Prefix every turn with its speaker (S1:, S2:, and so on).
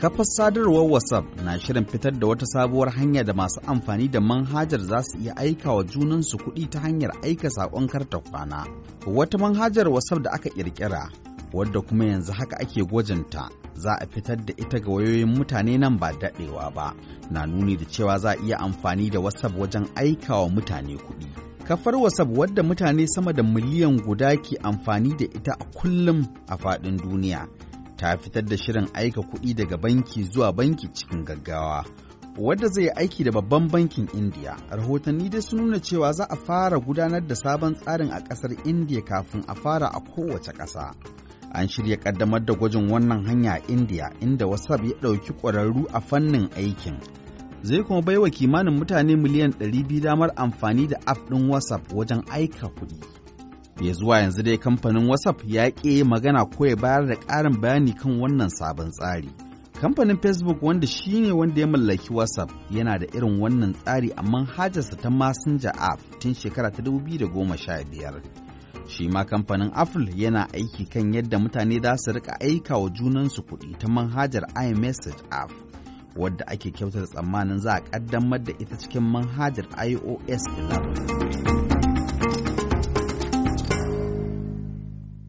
S1: Kafar sadarwar WhatsApp na shirin fitar da wata sabuwar hanya da masu amfani da manhajar za su iya aika wa junansu kuɗi ta hanyar aika saƙon karta kwana. Wata manhajar WhatsApp da aka ƙirƙira, wadda kuma yanzu haka ake gwajinta, za a fitar da ita ga wayoyin mutane nan ba daɗewa ba, na nuni da cewa za a iya amfani da WhatsApp wajen aika wa mutane kuɗi. kafar WhatsApp wadda mutane sama da miliyan guda ke amfani da ita a kullum a faɗin duniya ta fitar da shirin aika kuɗi daga banki zuwa banki cikin gaggawa wadda zai yi aiki da babban bankin indiya rahotanni dai sun nuna cewa za a fara gudanar da sabon tsarin a ƙasar indiya kafin a fara a kowace ƙasa an shirya ƙaddamar da gwajin wannan hanya a indiya inda wasab ya ɗauki ƙwararru a fannin aikin zai kuma baiwa kimanin mutane miliyan 200 damar amfani da app ɗin wasap wajen aika kuɗi. ya zuwa yanzu dai kamfanin whatsapp ya ƙi magana ko ya bayar da ƙarin bayani kan wannan sabon tsari kamfanin facebook wanda shi ne wanda ya mallaki whatsapp yana da irin wannan tsari amma hajarsa ta messenger app tun shekara ta 2015 shi ma kamfanin apple yana aiki kan yadda mutane za su rika aika wa junansu kuɗi ta manhajar imessage app wadda ake kyautar tsammanin za a ƙaddamar da ita cikin manhajar ios